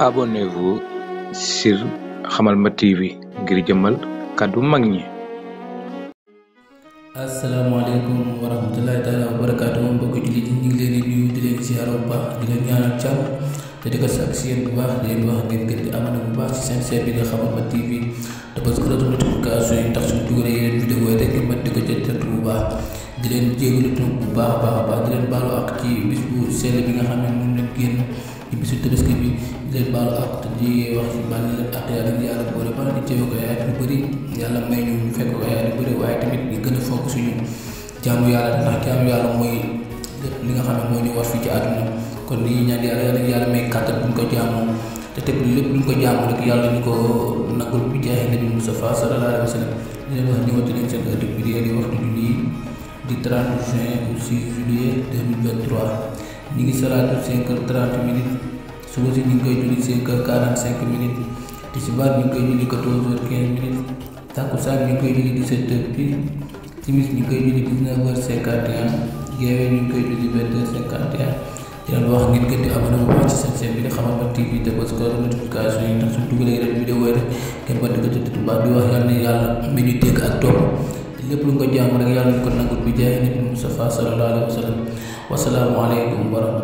abonnez-vous sur Hamalma TV ngir jëmmal kàddu mag ñi. asalaamaaleykum wa rahmatulahi taala wa barakaatu mbokk jullit ñi ngi leen di nuyu di leen si yéen bu baax di leen wax ngeen gën di amal bu baax ci seen seen bi nga Hamalma TV te parce que dootul notification yi ndax suñu dugalee yeneen vidéo yi rek ngeen mën di ko bu baax di leen jégalu bu baax a baax di leen baalu ak ci bis sell bi nga xam ne moom lañ génn. ci bisu tabaski bi di leen baalu àq di wax ci baal leen àq yàlla di yàlla boole bala di teew ko yaay lu bëri yàlla may ñu fekk ko yaay lu bëri waaye tamit di gën a fokk suñu jaamu yàlla ndax jaamu yàlla mooy lépp li nga xam ne moo ñu war fii ci àdduna kon li ñuy ñaan yàlla yàlla yàlla may kàttan bu ñu ko jaamoo te teg lépp lu ñu ko jaamoo rek yàlla ñu ko nagul bi jaay nabi Mustafa sallallahu alayhi wa sallam di leen wax ñëwati leen seen ëtt bi di waxtu julli di 30 juin au 6 juillet 2023 ñu ngi salaatu 5 heures minutes suba si ñu ngi koy julli 5 heures 45 minutes tisbaar ñu ngi koy julli 14 heures 15 minutes ñu ngi koy julli 17 heures pile timis ñu ngi ñu ngi koy julli 20 heures 51 di leen wax ngeen gën di abonné bu baax ci seen chaîne bi di Xamal TV te bës ko notification yi ndax suñu dugalee rek vidéo yi rek ngeen mën di ko jot bu baax di wax yàlla na yàlla mi ñu dégg ak topp lépp lu nga jaam rek yàlla ñu ko nangul bi jaay nabi Mustafa wa sallam wasalaamu wa rahmatulah